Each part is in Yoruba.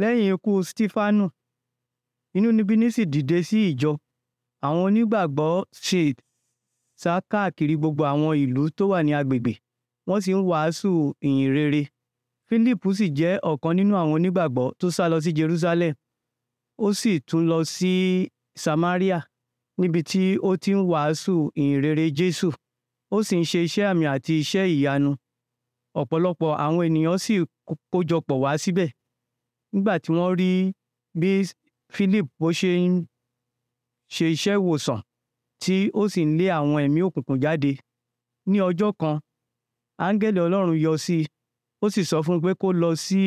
lẹ́yìn ikú stefanu inúnibíni sì dìde sí ìjọ àwọn onígbàgbọ́ sì sá káàkiri gbogbo àwọn ìlú tó wà ní agbègbè wọ́n sì ń wàásù ìyìn rere philip sì jẹ́ ọ̀kan nínú àwọn onígbàgbọ́ tó sá lọ sí jerusalem ó sì tún lọ sí samaria níbi tí ó ti ń wàásù ìyìn rere jésù ó sì ń ṣe iṣẹ́ àmì àti iṣẹ́ ìyanu ọ̀pọ̀lọpọ̀ àwọn ènìyàn sì kójọpọ̀ wá síbẹ̀ nígbà tí wọ́n rí bí philip bó ṣe ń ṣe iṣẹ́ ìwòsàn tí ó sì ń lé àwọn ẹ̀mí òkùnkùn jáde ní ọjọ́ kan áńgẹ́lì ọlọ́run yọ sí i ó sì sọ fún un pé kó lọ sí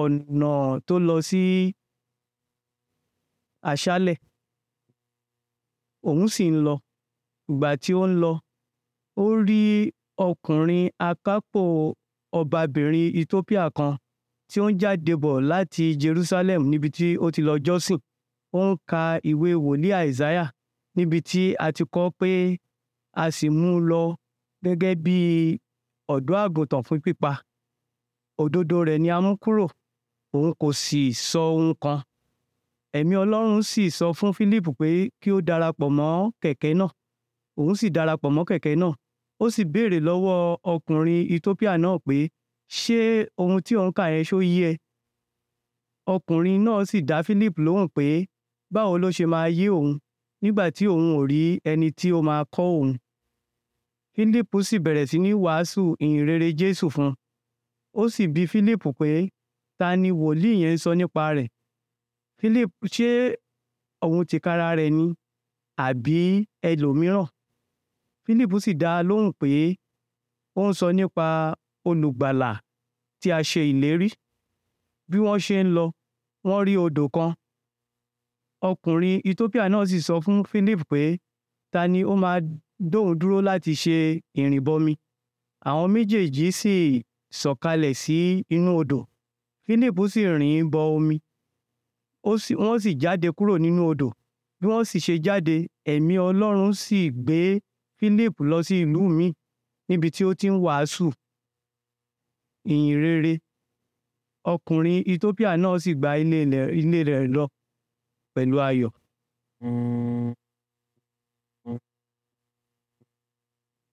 ọ̀nà tó lọ sí aṣálẹ̀ òun sì ń lọ ìgbà tí ó ń lọ ó rí ọkùnrin akápò ọbabìnrin ethiopia kan tí ó ń jáde bọ̀ láti Jerusalem níbi tí ó ti lọ jọ́sìn ó ń ka ìwé wòlíì Àìsáyà níbi tí a ti kọ́ pé a sì mú un lọ gẹ́gẹ́ bí ọ̀dọ́ àgùntàn fún pípa òdodo rẹ̀ ni a mú kúrò òun kò sì sọ ohun kan ẹ̀mí Ọlọ́run sì sọ fún Philip pé kí ó darapọ̀ mọ́ kẹ̀kẹ́ náà òun sì darapọ̀ mọ́ kẹ̀kẹ́ náà ó sì béèrè lọ́wọ́ ọkùnrin Ethiopia náà pé ṣé ohun tí ò ń kà yẹn ṣó yé ẹ ọkùnrin náà sì dá philip lóhùn pé báwo ló ṣe máa yé òun nígbà tí òun ò rí ẹni tí ó máa kọ́ òun philip sì bẹ̀rẹ̀ sí ní wàásù ìhìnrere jésù fún un ó sì bi philip pé ta ni wòlíì yẹn ń sọ nípa rẹ̀ philip ṣé òun tìkára rẹ̀ ni àbí ẹlòmíràn philip sì dá lóhùn pé ó ń sọ nípa olùgbàlà tí a ṣe ìlérí bí wọ́n ṣe ń lọ wọ́n rí odò kan ọkùnrin ethiopia náà sì sọ fún philip pé ta ni ó máa dóhùn dúró láti ṣe ìrìnbọmi àwọn méjèèjì sì sọ̀kalẹ̀ sí inú odò philip sì rìn bọ omi wọ́n sì jáde kúrò nínú odò bí wọ́n sì ṣe jáde ẹ̀mí ọlọ́run sì gbé philip lọ sí ìlú míì níbi tí ó ti ń wàásù ìyìn rere ọkùnrin Ethiopia náà sì gba ilé rẹ̀ lọ pẹ̀lú ayọ̀. Hmm.